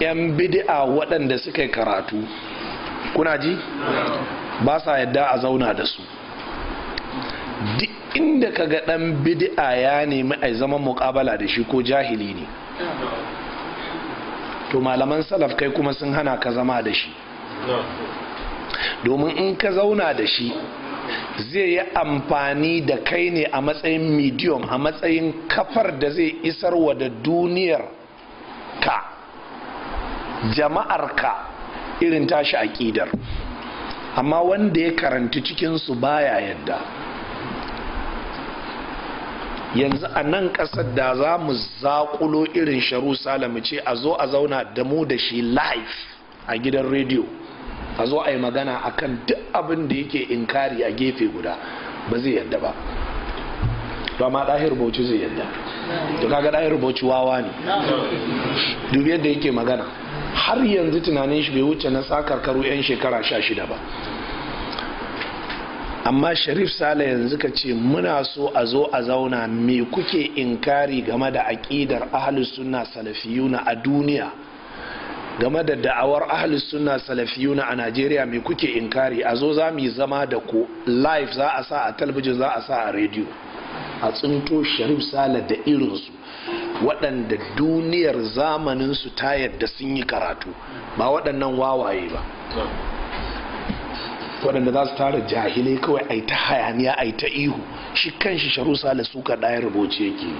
'yan bidi'a waɗanda suka yi karatu kuna ji ba sa yadda a zauna da su duk inda ka ga ɗan bid'a ya nemi a zama muƙabala da shi ko jahili ne to malaman salaf kai kuma sun hana ka zama da shi domin in ka zauna da shi zai yi amfani da kai ne a matsayin medium a matsayin kafar da zai isarwa da duniyar ka jama'arka irin tashi aƙidar amma wanda ya cikin cikinsu baya yadda yanzu a nan ƙasar da za mu zaƙulo irin sharu salamu ce a zo a zauna da mu da shi live a gidan rediyo a zo a yi magana a kan duk abin da yake inkari a gefe guda ba zai yadda ba ba ma ɗahir bauchi zai yadda to kaga ɗahir bauchi wawa ne duk yadda yake magana har yanzu tunanin shi bai wuce na tsakar sakarkaru 'yan shekara sha shida ba amma sharif sale yanzu ka ce muna so a zo a zauna me kuke inkari game da aƙidar suna sunna salafiyuna a duniya game da da'awar suna sunna salafiyuna a najeriya me kuke inkari a zo za mu zama da ku live za a sa a talabijin za a sa a rediyo a tsinto sharif sale da irinsu waɗanda duniyar zamanin su ta yadda sun yi karatu ba waɗannan wawaye ba waɗanda za su tara jahilai kawai a ta hayaniya a ta ihu shi kan shi sharu sale suka ɗaya rubuce yake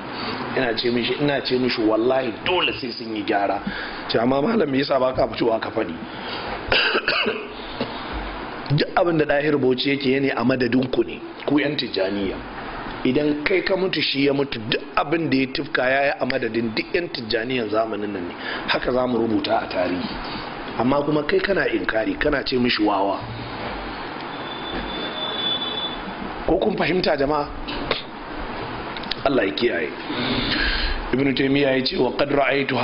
ina ce mishi ina ce mishi wallahi dole sai sun yi gyara ce amma malam yasa ba ka fitowa ka faɗi duk abin da ɗaya rubuce yake ne a madadin ku ne ku yan tijjaniya idan kai ka mutu shi ya mutu duk abin da ya tufka ya yi a madadin duk 'yan tijjaniyar zamanin nan ne haka za mu rubuta a tarihi amma kuma kai kana inkari kana ce mishi wawa ko kun fahimta jama'a Allah ya kiyaye Ibn taymiya ya ce wa qad ra'aytu